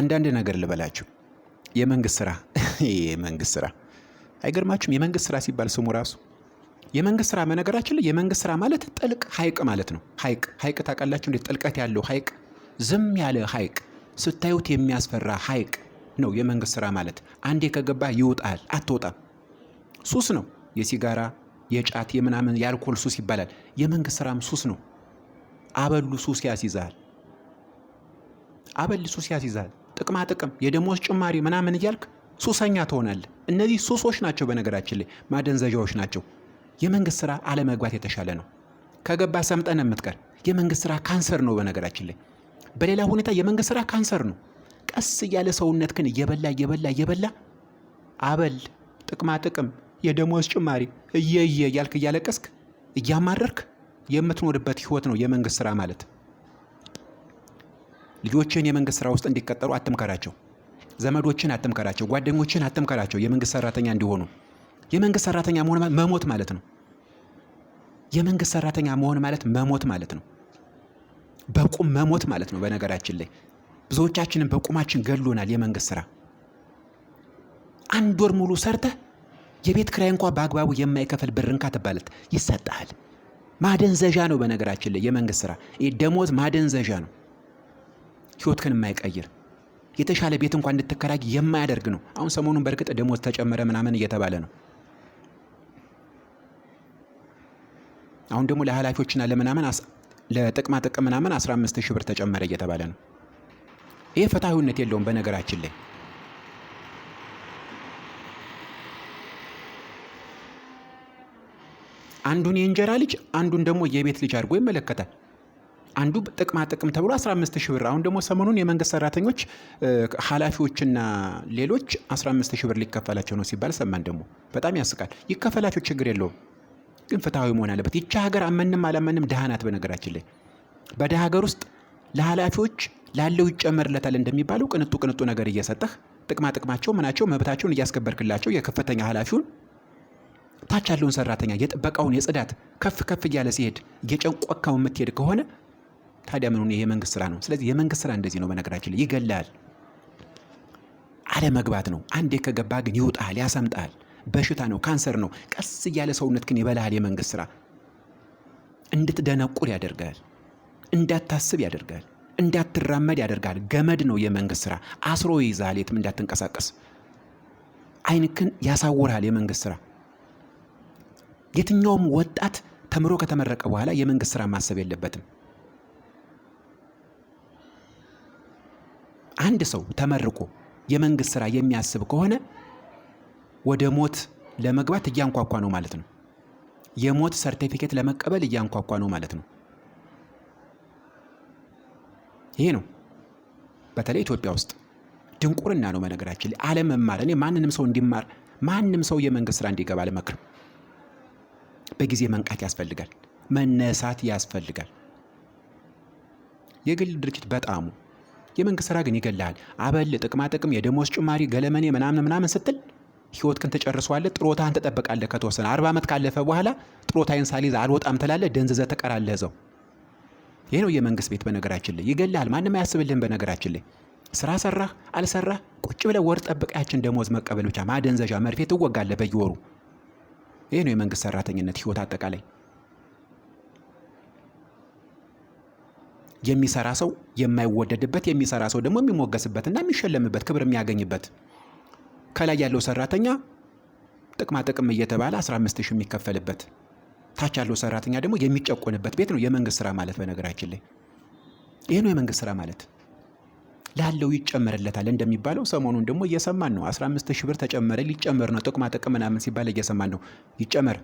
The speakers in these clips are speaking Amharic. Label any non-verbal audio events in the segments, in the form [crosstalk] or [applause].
አንዳንድ ነገር ልበላችሁ። የመንግስት ስራ የመንግስት ስራ አይገርማችሁም? የመንግስት ስራ ሲባል ስሙ ራሱ የመንግስት ስራ መነገራችን ላይ የመንግስት ስራ ማለት ጥልቅ ሀይቅ ማለት ነው። ሀይቅ ሀይቅ ታውቃላችሁ እንዴ? ጥልቀት ያለው ሀይቅ ዝም ያለ ሀይቅ ስታዩት የሚያስፈራ ሀይቅ ነው የመንግስት ስራ ማለት። አንዴ ከገባ ይውጣል፣ አትወጣም። ሱስ ነው። የሲጋራ የጫት የምናምን የአልኮል ሱስ ይባላል። የመንግስት ስራም ሱስ ነው። አበሉ ሱስ ያስይዛል። አበል ሱስ ያስይዛል። ጥቅማ ጥቅም፣ የደሞዝ ጭማሪ ምናምን እያልክ ሱሰኛ ትሆናል። እነዚህ ሱሶች ናቸው፣ በነገራችን ላይ ማደንዘዣዎች ናቸው። የመንግስት ስራ አለመግባት የተሻለ ነው። ከገባ ሰምጠን የምትቀር የመንግስት ስራ ካንሰር ነው። በነገራችን ላይ በሌላ ሁኔታ የመንግስት ስራ ካንሰር ነው። ቀስ እያለ ሰውነትክን እየበላ እየበላ እየበላ አበል፣ ጥቅማ ጥቅም፣ የደሞዝ ጭማሪ እየየ እያልክ እያለቀስክ እያማረርክ የምትኖርበት ህይወት ነው የመንግስት ስራ ማለት። ልጆችን የመንግስት ስራ ውስጥ እንዲቀጠሩ አትምከራቸው። ዘመዶችን አትምከራቸው። ጓደኞችን አትምከራቸው የመንግስት ሰራተኛ እንዲሆኑ። የመንግስት ሰራተኛ መሆን መሞት ማለት ነው። የመንግስት ሰራተኛ መሆን ማለት መሞት ማለት ነው። በቁም መሞት ማለት ነው። በነገራችን ላይ ብዙዎቻችንን በቁማችን ገሎናል የመንግስት ስራ። አንድ ወር ሙሉ ሰርተህ የቤት ክራይ እንኳ በአግባቡ የማይከፍል ብርንካ ትባለት ይሰጣል። ማደንዘዣ ነው። በነገራችን ላይ የመንግስት ስራ ደሞዝ ማደንዘዣ ነው። ህይወትክን የማይቀይር የተሻለ ቤት እንኳን እንድትከራይ የማያደርግ ነው። አሁን ሰሞኑን በእርግጥ ደሞዝ ተጨመረ ምናምን እየተባለ ነው። አሁን ደግሞ ለኃላፊዎችና ለምናምን ለጥቅማ ጥቅም ምናምን 15 ሺህ ብር ተጨመረ እየተባለ ነው። ይሄ ፍትሐዊነት የለውም በነገራችን ላይ አንዱን የእንጀራ ልጅ አንዱን ደግሞ የቤት ልጅ አድርጎ ይመለከታል። አንዱ ጥቅማ ጥቅም ተብሎ 15 ሺህ ብር፣ አሁን ደግሞ ሰሞኑን የመንግስት ሰራተኞች ኃላፊዎችና ሌሎች 15 ሺህ ብር ሊከፈላቸው ነው ሲባል ሰማን። ደግሞ በጣም ያስቃል። ይከፈላቸው፣ ችግር የለውም ግን ፍትሐዊ መሆን አለበት። ይቺ ሀገር አመንም አላመንም ድሃ ናት። በነገራችን ላይ በድሃ ሀገር ውስጥ ለኃላፊዎች ላለው ይጨመርለታል እንደሚባለው ቅንጡ ቅንጡ ነገር እየሰጠህ ጥቅማ ጥቅማቸው ምናቸው መብታቸውን እያስከበርክላቸው የከፍተኛ ኃላፊውን ታች ያለውን ሰራተኛ የጥበቃውን የጽዳት ከፍ ከፍ እያለ ሲሄድ እየጨንቆካው የምትሄድ ከሆነ ታዲያ ምን ይሄ የመንግስት ስራ ነው። ስለዚህ የመንግስት ስራ እንደዚህ ነው። በነገራችን ላይ ይገላል፣ አለመግባት ነው። አንዴ ከገባ ግን ይውጣል፣ ያሰምጣል። በሽታ ነው፣ ካንሰር ነው። ቀስ እያለ ሰውነት ግን ይበላል። የመንግስት ስራ እንድትደነቁር ያደርጋል፣ እንዳታስብ ያደርጋል፣ እንዳትራመድ ያደርጋል። ገመድ ነው የመንግስት ስራ፣ አስሮ ይዛል፣ የትም እንዳትንቀሳቀስ። አይንክን ያሳውራል የመንግስት ስራ። የትኛውም ወጣት ተምሮ ከተመረቀ በኋላ የመንግስት ስራ ማሰብ የለበትም። አንድ ሰው ተመርቆ የመንግስት ስራ የሚያስብ ከሆነ ወደ ሞት ለመግባት እያንኳኳ ነው ማለት ነው። የሞት ሰርቲፊኬት ለመቀበል እያንኳኳ ነው ማለት ነው። ይሄ ነው በተለይ ኢትዮጵያ ውስጥ ድንቁርና ነው። በነገራችን ላይ አለመማር እኔ ማንንም ሰው እንዲማር ማንም ሰው የመንግስት ስራ እንዲገባ አልመክርም። በጊዜ መንቃት ያስፈልጋል፣ መነሳት ያስፈልጋል። የግል ድርጅት በጣሙ የመንግስት ስራ ግን ይገላል አበል፣ ጥቅማ ጥቅም፣ የደሞዝ ጭማሪ፣ ገለመኔ ምናምን ምናምን ስትል ህይወት ክን ትጨርሰዋለህ። ጥሮታህን ትጠብቃለህ። ከተወሰነ አርባ ዓመት ካለፈ በኋላ ጥሮታይን ሳሊዝ አልወጣም ትላለህ። ደንዝዘህ ትቀራለህ ዘው ይህ ነው የመንግስት ቤት። በነገራችን ላይ ይገልሃል። ማንም አያስብልህም። በነገራችን ላይ ስራ ሰራህ አልሰራህ ቁጭ ብለህ ወር ጠብቀያችን ደሞዝ መቀበል ብቻ ማደንዘዣ መርፌ ትወጋለህ በየወሩ። ይህ ነው የመንግስት ሰራተኝነት ህይወት አጠቃላይ። የሚሰራ ሰው የማይወደድበት፣ የሚሰራ ሰው ደግሞ የሚሞገስበትና የሚሸለምበት ክብር የሚያገኝበት ከላይ ያለው ሰራተኛ ጥቅማ ጥቅም እየተባለ 15 ሺህ የሚከፈልበት ታች ያለው ሰራተኛ ደግሞ የሚጨቆንበት ቤት ነው የመንግስት ስራ ማለት። በነገራችን ላይ ይህ ነው የመንግስት ስራ ማለት። ላለው ይጨመርለታል እንደሚባለው፣ ሰሞኑን ደግሞ እየሰማን ነው። 15 ሺህ ብር ተጨመረ፣ ሊጨመር ነው ጥቅማ ጥቅም ምናምን ሲባል እየሰማን ነው። ይጨመር፣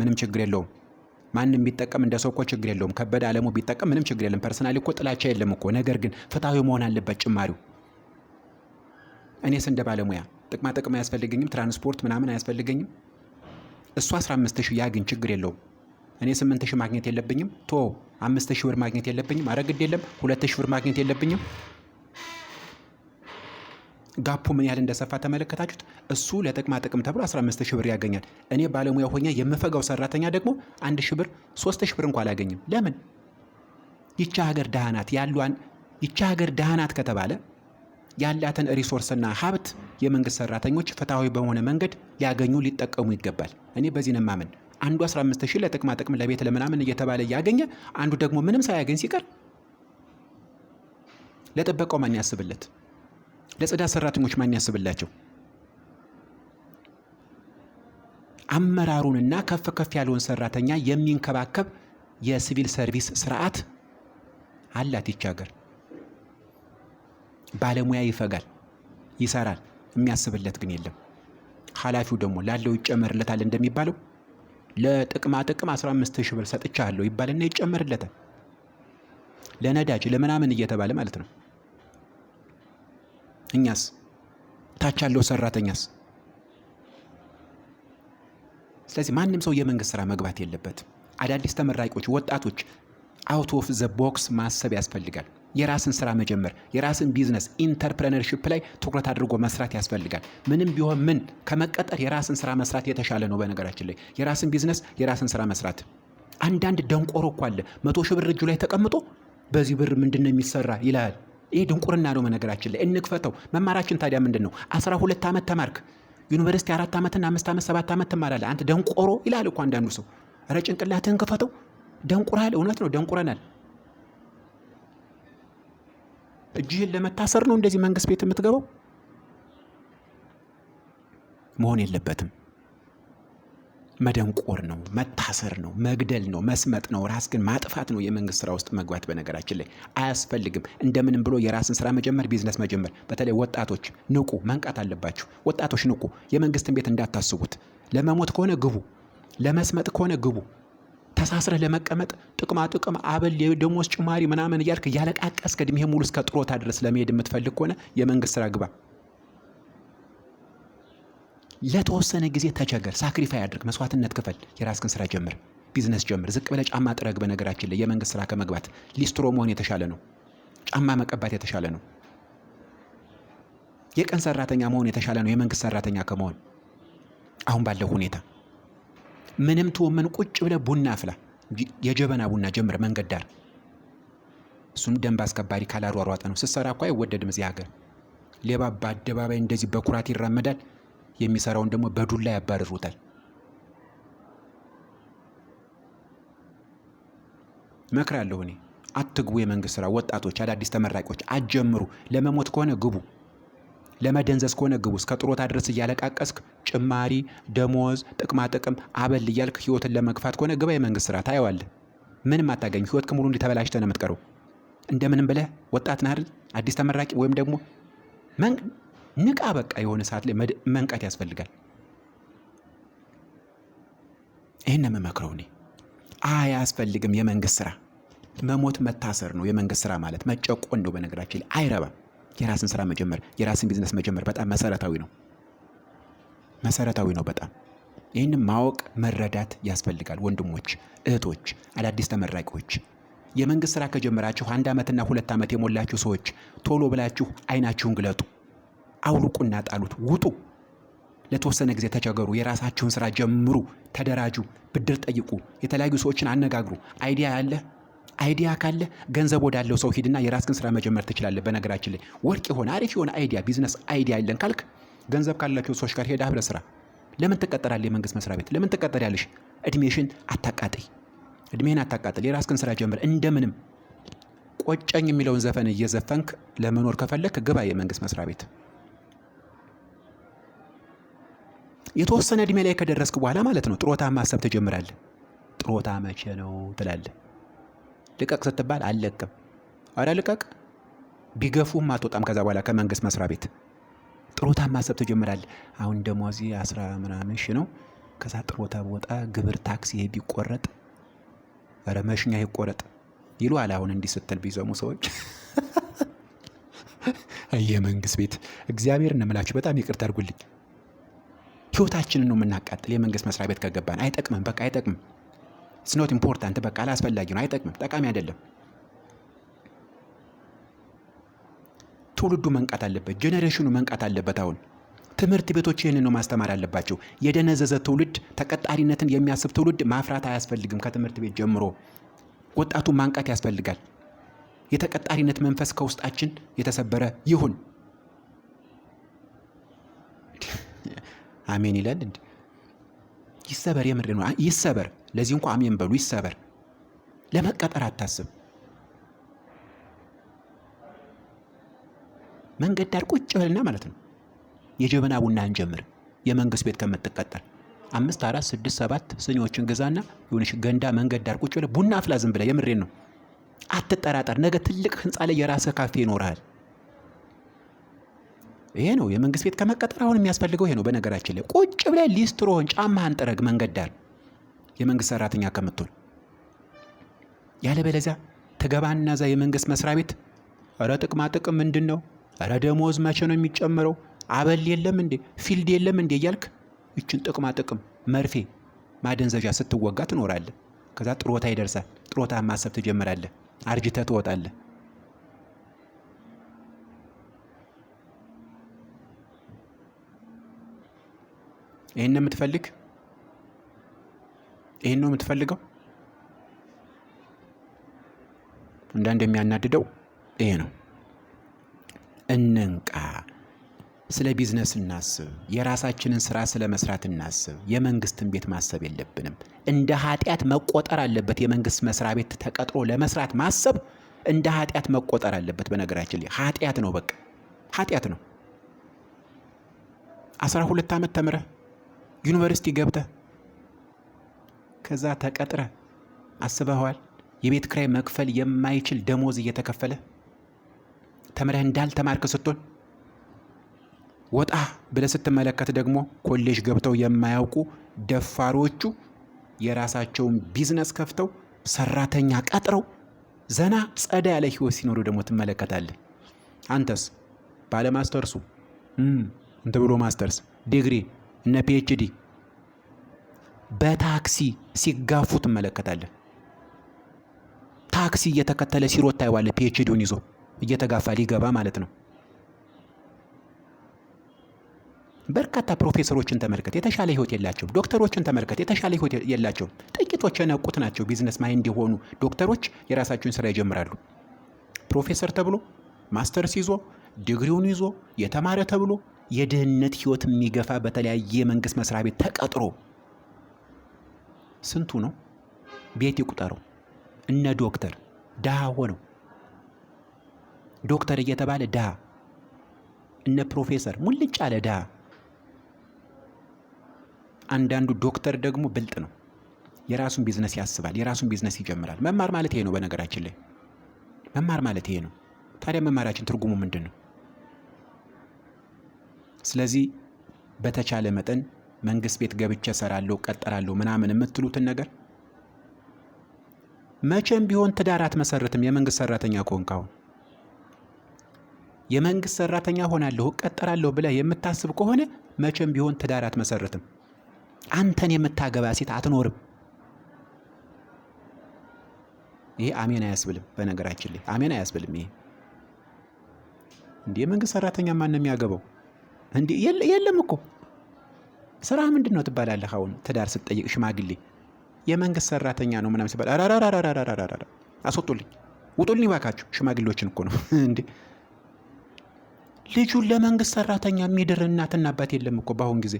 ምንም ችግር የለውም። ማንም ቢጠቀም እንደ ሰው እኮ ችግር የለውም። ከበደ አለሙ ቢጠቀም ምንም ችግር የለም። ፐርሰናሊ እኮ ጥላቻ የለም እኮ። ነገር ግን ፍትሐዊ መሆን አለበት ጭማሪው። እኔስ እንደ ባለሙያ ጥቅማ ጥቅም አያስፈልገኝም፣ ትራንስፖርት ምናምን አያስፈልገኝም። እሱ 15 ሺህ ያግኝ፣ ችግር የለውም። እኔ 8 ሺህ ማግኘት የለብኝም። ቶ 5 ሺህ ብር ማግኘት የለብኝም። አረ ግድ የለም 2 ሺህ ብር ማግኘት የለብኝም። ጋፑ ምን ያህል እንደሰፋ ተመለከታችሁት። እሱ ለጥቅማ ጥቅም ተብሎ 15 ሺህ ብር ያገኛል። እኔ ባለሙያ ሆኛ የምፈጋው ሰራተኛ ደግሞ አንድ ሺህ ብር፣ ሶስት ሺህ ብር እንኳ አላገኝም። ለምን? ይቺ ሀገር ድሃ ያሏን ይቺ ሀገር ድሃ ከተባለ ያላትን ሪሶርስና ሀብት የመንግስት ሰራተኞች ፍትሐዊ በሆነ መንገድ ሊያገኙ ሊጠቀሙ ይገባል። እኔ በዚህ ነው የማምን። አንዱ 15 ሺህ ለጥቅማ ጥቅም ለቤት ለምናምን እየተባለ እያገኘ አንዱ ደግሞ ምንም ሳያገኝ ሲቀር ለጥበቃው ማን ያስብለት? ለጽዳት ሰራተኞች ማን ያስብላቸው? አመራሩንና ከፍ ከፍ ያለውን ሰራተኛ የሚንከባከብ የሲቪል ሰርቪስ ስርዓት አላት ይች ሀገር። ባለሙያ ይፈጋል፣ ይሰራል፣ የሚያስብለት ግን የለም። ኃላፊው ደግሞ ላለው ይጨመርለታል እንደሚባለው ለጥቅማ ጥቅም 15 ሺህ ብር ሰጥቻለሁ ይባልና ይጨመርለታል። ለነዳጅ ለምናምን እየተባለ ማለት ነው። እኛስ? ታች ያለው ሰራተኛስ? ስለዚህ ማንም ሰው የመንግስት ስራ መግባት የለበትም። አዳዲስ ተመራቂዎች፣ ወጣቶች አውት ኦፍ ዘ ቦክስ ማሰብ ያስፈልጋል። የራስን ስራ መጀመር፣ የራስን ቢዝነስ ኢንተርፕረነርሽፕ ላይ ትኩረት አድርጎ መስራት ያስፈልጋል። ምንም ቢሆን ምን ከመቀጠር የራስን ስራ መስራት የተሻለ ነው። በነገራችን ላይ የራስን ቢዝነስ፣ የራስን ስራ መስራት። አንዳንድ ደንቆሮ እኮ አለ መቶ ሺህ ብር እጁ ላይ ተቀምጦ በዚህ ብር ምንድን ነው የሚሰራ ይላል። ይሄ ድንቁርና ነው። መነገራችን ላይ እንክፈተው። መማራችን ታዲያ ምንድን ነው? አስራ ሁለት ዓመት ተማርክ ዩኒቨርሲቲ አራት ዓመትና አምስት ዓመት ሰባት ዓመት ትማራለ አንተ ደንቆሮ ይላል እኮ አንዳንዱ ሰው። ኧረ ጭንቅላትህን ክፈተው። ደንቁራል። እውነት ነው፣ ደንቁረናል። እጅህን ለመታሰር ነው እንደዚህ መንግስት ቤት የምትገባው። መሆን የለበትም። መደንቆር ነው፣ መታሰር ነው፣ መግደል ነው፣ መስመጥ ነው፣ ራስ ግን ማጥፋት ነው። የመንግስት ስራ ውስጥ መግባት በነገራችን ላይ አያስፈልግም። እንደምንም ብሎ የራስን ስራ መጀመር፣ ቢዝነስ መጀመር። በተለይ ወጣቶች ንቁ፣ መንቃት አለባችሁ። ወጣቶች ንቁ። የመንግስትን ቤት እንዳታስቡት። ለመሞት ከሆነ ግቡ፣ ለመስመጥ ከሆነ ግቡ። ተሳስረህ ለመቀመጥ ጥቅማ ጥቅም አበል፣ የደሞዝ ጭማሪ ምናምን እያልክ እያለቃቀስክ እድሜህ ሙሉ እስከ ጥሮታ ድረስ ለመሄድ የምትፈልግ ከሆነ የመንግስት ስራ ግባ። ለተወሰነ ጊዜ ተቸገር፣ ሳክሪፋይ አድርግ፣ መስዋዕትነት ክፈል፣ የራስህን ስራ ጀምር፣ ቢዝነስ ጀምር። ዝቅ ብለህ ጫማ ጥረግ። በነገራችን ላይ የመንግስት ስራ ከመግባት ሊስትሮ መሆን የተሻለ ነው። ጫማ መቀባት የተሻለ ነው። የቀን ሰራተኛ መሆን የተሻለ ነው የመንግስት ሰራተኛ ከመሆን አሁን ባለው ሁኔታ ምንም ትወመን ቁጭ ብለህ ቡና አፍላ፣ የጀበና ቡና ጀምር መንገድ ዳር። እሱም ደንብ አስከባሪ ካላሯሯጠ ነው። ስትሰራ እኮ አይወደድም እዚህ ሀገር። ሌባ በአደባባይ እንደዚህ በኩራት ይራመዳል። የሚሰራውን ደግሞ በዱላ ያባረሩታል። እመክራለሁ እኔ አትግቡ። የመንግስት ስራ ወጣቶች፣ አዳዲስ ተመራቂዎች አጀምሩ ለመሞት ከሆነ ግቡ፣ ለመደንዘዝ ከሆነ ግቡ። እስከ ጥሮታ ድረስ እያለቃቀስክ ጭማሪ ደሞዝ፣ ጥቅም አበል እያልክ ህይወትን ለመግፋት ከሆነ ግባ የመንግስት ስራ። ታየዋለህ፣ ምንም አታገኝ። ህይወት ሙሉ እንዲተበላሽተህ ነው የምትቀረው። እንደምንም ብለህ ወጣት ነህ አይደል? አዲስ ተመራቂ ወይም ደግሞ ንቃ። በቃ የሆነ ሰዓት ላይ መንቃት ያስፈልጋል። ይህን የምመክረው እኔ አያስፈልግም። የመንግስት ስራ መሞት መታሰር ነው። የመንግስት ስራ ማለት መጨቆን ነው። በነገራችን ላይ አይረባም። የራስን ስራ መጀመር፣ የራስን ቢዝነስ መጀመር በጣም መሰረታዊ ነው። መሰረታዊ ነው በጣም ይህንም ማወቅ መረዳት ያስፈልጋል። ወንድሞች፣ እህቶች፣ አዳዲስ ተመራቂዎች የመንግስት ስራ ከጀመራችሁ አንድ ዓመትና ሁለት ዓመት የሞላችሁ ሰዎች ቶሎ ብላችሁ አይናችሁን ግለጡ። አውልቁና ጣሉት። ውጡ፣ ለተወሰነ ጊዜ ተቸገሩ፣ የራሳችሁን ስራ ጀምሩ፣ ተደራጁ፣ ብድር ጠይቁ፣ የተለያዩ ሰዎችን አነጋግሩ። አይዲያ ያለ አይዲያ ካለ ገንዘብ ወዳለው ሰው ሂድና የራስህን ስራ መጀመር ትችላለህ። በነገራችን ላይ ወርቅ የሆነ አሪፍ የሆነ አይዲያ ቢዝነስ አይዲያ ያለን ካልክ ገንዘብ ካላቸው ሰዎች ጋር ሄዳ ህብረት ስራ። ለምን ትቀጠራለህ? የመንግስት መስሪያ ቤት ለምን ትቀጠሪያለሽ? እድሜሽን አታቃጥይ፣ እድሜህን አታቃጥል። የራስህን ስራ ጀምር። እንደምንም ቆጨኝ የሚለውን ዘፈን እየዘፈንክ ለመኖር ከፈለክ ግባ የመንግስት መስሪያ ቤት። የተወሰነ እድሜ ላይ ከደረስክ በኋላ ማለት ነው ጥሮታ ማሰብ ትጀምራለህ። ጥሮታ መቼ ነው ትላለህ። ልቀቅ ስትባል አልለቅም፣ አረ ልቀቅ ቢገፉም አትወጣም። ከዛ በኋላ ከመንግስት መስሪያ ቤት ጥሮታ ማሰብ ትጀምራለህ። አሁን ደሞዜ አስራ ምናምን ሺህ ነው። ከዛ ጥሮታ በወጣ ግብር ታክስ ይሄ ቢቆረጥ ኧረ መሽኛ ይቆረጥ ይሏል። አሁን እንዲህ ስትል ቢዘሙ ሰዎች የመንግስት ቤት እግዚአብሔር እንምላችሁ በጣም ይቅርታ አድርጉልኝ። ህይወታችንን ነው የምናቃጥል። የመንግስት መስሪያ ቤት ከገባን አይጠቅምም፣ በቃ አይጠቅምም። ኖት ኢምፖርታንት በቃ አላስፈላጊ ነው፣ አይጠቅምም፣ ጠቃሚ አይደለም። ትውልዱ መንቃት አለበት። ጄኔሬሽኑ መንቃት አለበት። አሁን ትምህርት ቤቶች ይህንን ነው ማስተማር አለባቸው የደነዘዘ ትውልድ፣ ተቀጣሪነትን የሚያስብ ትውልድ ማፍራት አያስፈልግም። ከትምህርት ቤት ጀምሮ ወጣቱ ማንቃት ያስፈልጋል። የተቀጣሪነት መንፈስ ከውስጣችን የተሰበረ ይሁን። አሜን ይላል እንዴ? ይሰበር፣ የምር ነው ይሰበር። ለዚህ እንኳ አሜን በሉ። ይሰበር። ለመቀጠር አታስብ። መንገድ ዳር ቁጭ በልና ማለት ነው የጀበና ቡና እንጀምር። የመንግስት ቤት ከምትቀጠር አምስት አራት ስድስት ሰባት ስኒዎችን ግዛና የሆነሽ ገንዳ መንገድ ዳር ቁጭ ብለህ ቡና አፍላ ዝም ብለህ የምሬን ነው። አትጠራጠር። ነገ ትልቅ ህንፃ ላይ የራስህ ካፌ ይኖርሃል። ይሄ ነው የመንግስት ቤት ከመቀጠር አሁን የሚያስፈልገው ይሄ ነው። በነገራችን ላይ ቁጭ ብለህ ሊስትሮን ጫማህን ጥረግ መንገድ ዳር የመንግስት ሰራተኛ ከምትሆን ያለበለዚያ ትገባና እዛ የመንግስት መስሪያ ቤት ረ ጥቅማ ጥቅም ምንድን ነው? ረ ደሞዝ መቼ ነው የሚጨምረው? አበል የለም እንዴ? ፊልድ የለም እንዴ? እያልክ ይችን ጥቅማ ጥቅም መርፌ ማደንዘዣ ስትወጋ ትኖራለህ። ከዛ ጥሮታ ይደርሳል። ጥሮታ ማሰብ ትጀምራለህ። አርጅተህ ትወጣለህ። ይህን ነው የምትፈልግ? ይህን ነው የምትፈልገው? አንዳንድ የሚያናድደው ይሄ ነው። እንንቃ። ስለ ቢዝነስ እናስብ። የራሳችንን ስራ ስለ መስራት እናስብ። የመንግስትን ቤት ማሰብ የለብንም። እንደ ኃጢአት መቆጠር አለበት። የመንግስት መስሪያ ቤት ተቀጥሮ ለመስራት ማሰብ እንደ ኃጢአት መቆጠር አለበት። በነገራችን ላይ ኃጢአት ነው፣ በቃ ኃጢአት ነው። አስራ ሁለት ዓመት ተምረህ ዩኒቨርሲቲ ገብተ ከዛ ተቀጥረ አስበኸዋል? የቤት ክራይ መክፈል የማይችል ደሞዝ እየተከፈለ ተምረህ እንዳልተማርክ ስትሆን ወጣ ብለህ ስትመለከት ደግሞ ኮሌጅ ገብተው የማያውቁ ደፋሮቹ የራሳቸውን ቢዝነስ ከፍተው ሰራተኛ ቀጥረው ዘና ጸዳ ያለ ህይወት ሲኖሩ ደግሞ ትመለከታለህ። አንተስ ባለማስተርሱ እንት ብሎ ማስተርስ ዲግሪ እነ ፒኤችዲ በታክሲ ሲጋፉ ትመለከታለን። ታክሲ እየተከተለ ሲሮጥ ታይዋለህ። ፒኤችዲውን ይዞ እየተጋፋ ሊገባ ማለት ነው። በርካታ ፕሮፌሰሮችን ተመልከት፣ የተሻለ ህይወት የላቸውም። ዶክተሮችን ተመልከት፣ የተሻለ ህይወት የላቸውም። ጥቂቶች የነቁት ናቸው ቢዝነስ ማይንድ የሆኑ ዶክተሮች የራሳቸውን ስራ ይጀምራሉ። ፕሮፌሰር ተብሎ ማስተርስ ይዞ ዲግሪውን ይዞ የተማረ ተብሎ የድህነት ህይወት የሚገፋ በተለያየ የመንግስት መስሪያ ቤት ተቀጥሮ ስንቱ ነው? ቤት ይቁጠረው። እነ ዶክተር ድሃ ሆነው ዶክተር እየተባለ ድሃ፣ እነ ፕሮፌሰር ሙልጭ አለ ድሃ። አንዳንዱ ዶክተር ደግሞ ብልጥ ነው። የራሱን ቢዝነስ ያስባል፣ የራሱን ቢዝነስ ይጀምራል። መማር ማለት ይሄ ነው። በነገራችን ላይ መማር ማለት ይሄ ነው። ታዲያ መማራችን ትርጉሙ ምንድን ነው? ስለዚህ በተቻለ መጠን መንግስት ቤት ገብቼ እሰራለሁ እቀጠራለሁ ምናምን የምትሉትን ነገር መቼም ቢሆን ትዳር አትመሰርትም። የመንግስት ሰራተኛ ከሆንክ አሁን የመንግስት ሰራተኛ ሆናለሁ እቀጠራለሁ ብለህ የምታስብ ከሆነ መቼም ቢሆን ትዳር አትመሰርትም። አንተን የምታገባ ሴት አትኖርም። ይሄ አሜን አያስብልም። በነገራችን ላይ አሜን አያስብልም። ይሄ እንዲህ የመንግስት ሰራተኛ ማን ነው የሚያገባው? እንዲ የለም እኮ ስራ ምንድን ነው ትባላለህ። አሁን ትዳር ስትጠይቅ ሽማግሌ የመንግስት ሰራተኛ ነው ምናምን ሲባል አስወጡልኝ፣ ውጡልኝ እባካችሁ። ሽማግሌዎችን እኮ ነው [laughs] እንዴ ልጁን ለመንግስት ሰራተኛ የሚድር እናትና አባት የለም እኮ በአሁን ጊዜ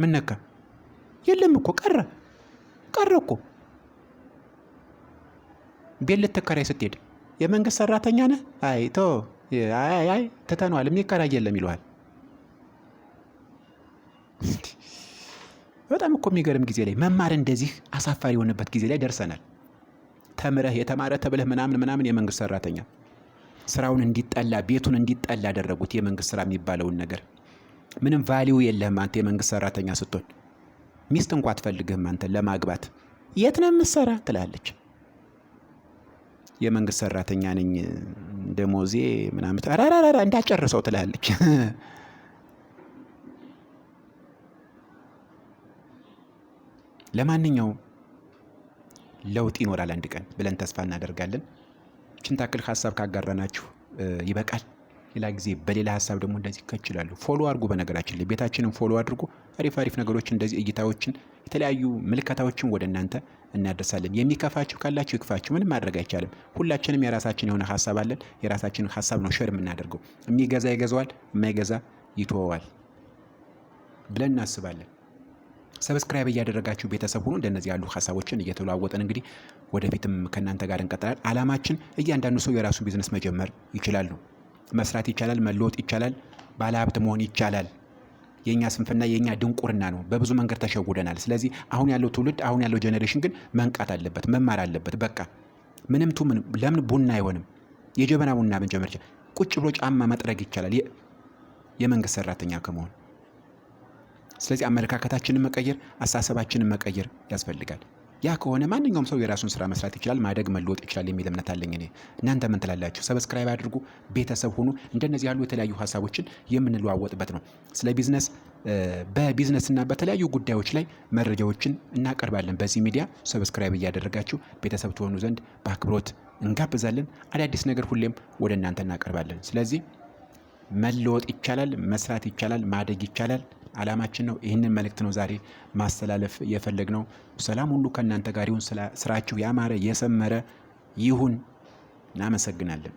ምን ነካ? የለም እኮ ቀረ ቀረ እኮ ቤት ልትከራይ ስትሄድ የመንግስት ሰራተኛ ነህ አይቶ አይ አይ ትተነዋል የሚከራይ የለም ይለዋል። በጣም እኮ የሚገርም ጊዜ ላይ መማር እንደዚህ አሳፋሪ የሆነበት ጊዜ ላይ ደርሰናል። ተምረህ የተማረ ተብለህ ምናምን ምናምን የመንግስት ሰራተኛ ስራውን እንዲጠላ ቤቱን እንዲጠላ አደረጉት። የመንግስት ስራ የሚባለውን ነገር ምንም ቫሊው የለህም አንተ የመንግስት ሰራተኛ ስትሆን ሚስት እንኳ አትፈልግህም አንተ ለማግባት የት ነው የምትሰራ ትላለች። የመንግስት ሰራተኛ ነኝ ደሞዜ ምናምን እንዳጨርሰው ትላለች። [laughs] ለማንኛውም ለውጥ ይኖራል አንድ ቀን ብለን ተስፋ እናደርጋለን። ይችን ታክል ሀሳብ ካጋራናችሁ ይበቃል። ሌላ ጊዜ በሌላ ሀሳብ ደግሞ እንደዚህ ከችላሉ። ፎሎ አድርጉ። በነገራችን ላይ ቤታችንን ፎሎ አድርጉ። አሪፍ አሪፍ ነገሮች እንደዚህ እይታዎችን፣ የተለያዩ ምልከታዎችን ወደ እናንተ እናደርሳለን። የሚከፋችሁ ካላችሁ ይክፋችሁ፣ ምንም ማድረግ አይቻልም። ሁላችንም የራሳችን የሆነ ሀሳብ አለን። የራሳችንን ሀሳብ ነው ሸር የምናደርገው። የሚገዛ ይገዛዋል፣ የማይገዛ ይተወዋል ብለን እናስባለን። ሰብስክራይብ እያደረጋችሁ ቤተሰብ ሁኑ። እንደነዚህ ያሉ ሀሳቦችን እየተለዋወጠን እንግዲህ ወደፊትም ከእናንተ ጋር እንቀጥላለን። አላማችን እያንዳንዱ ሰው የራሱን ቢዝነስ መጀመር ይችላሉ። መስራት ይቻላል፣ መለወጥ ይቻላል፣ ባለሀብት መሆን ይቻላል። የእኛ ስንፍና የእኛ ድንቁርና ነው። በብዙ መንገድ ተሸውደናል። ስለዚህ አሁን ያለው ትውልድ አሁን ያለው ጀኔሬሽን ግን መንቃት አለበት፣ መማር አለበት። በቃ ምንም ቱ ምን ለምን ቡና አይሆንም? የጀበና ቡና መጀመር ቁጭ ብሎ ጫማ መጥረግ ይቻላል የመንግስት ሰራተኛ ከመሆን ስለዚህ አመለካከታችንን መቀየር፣ አሳሰባችንን መቀየር ያስፈልጋል። ያ ከሆነ ማንኛውም ሰው የራሱን ስራ መስራት ይችላል፣ ማደግ መለወጥ ይችላል የሚል እምነት አለኝ እኔ። እናንተ ምን ትላላችሁ? ሰብስክራይብ አድርጉ፣ ቤተሰብ ሁኑ። እንደነዚህ ያሉ የተለያዩ ሀሳቦችን የምንለዋወጥበት ነው። ስለ ቢዝነስ በቢዝነስና በተለያዩ ጉዳዮች ላይ መረጃዎችን እናቀርባለን በዚህ ሚዲያ። ሰብስክራይብ እያደረጋችሁ ቤተሰብ ትሆኑ ዘንድ በአክብሮት እንጋብዛለን። አዳዲስ ነገር ሁሌም ወደ እናንተ እናቀርባለን። ስለዚህ መለወጥ ይቻላል፣ መስራት ይቻላል፣ ማደግ ይቻላል። አላማችን ነው። ይህንን መልእክት ነው ዛሬ ማስተላለፍ ነው። ሰላም ሁሉ ከእናንተ ጋር ይሁን። ስራችሁ ያማረ የሰመረ ይሁን። እናመሰግናለን።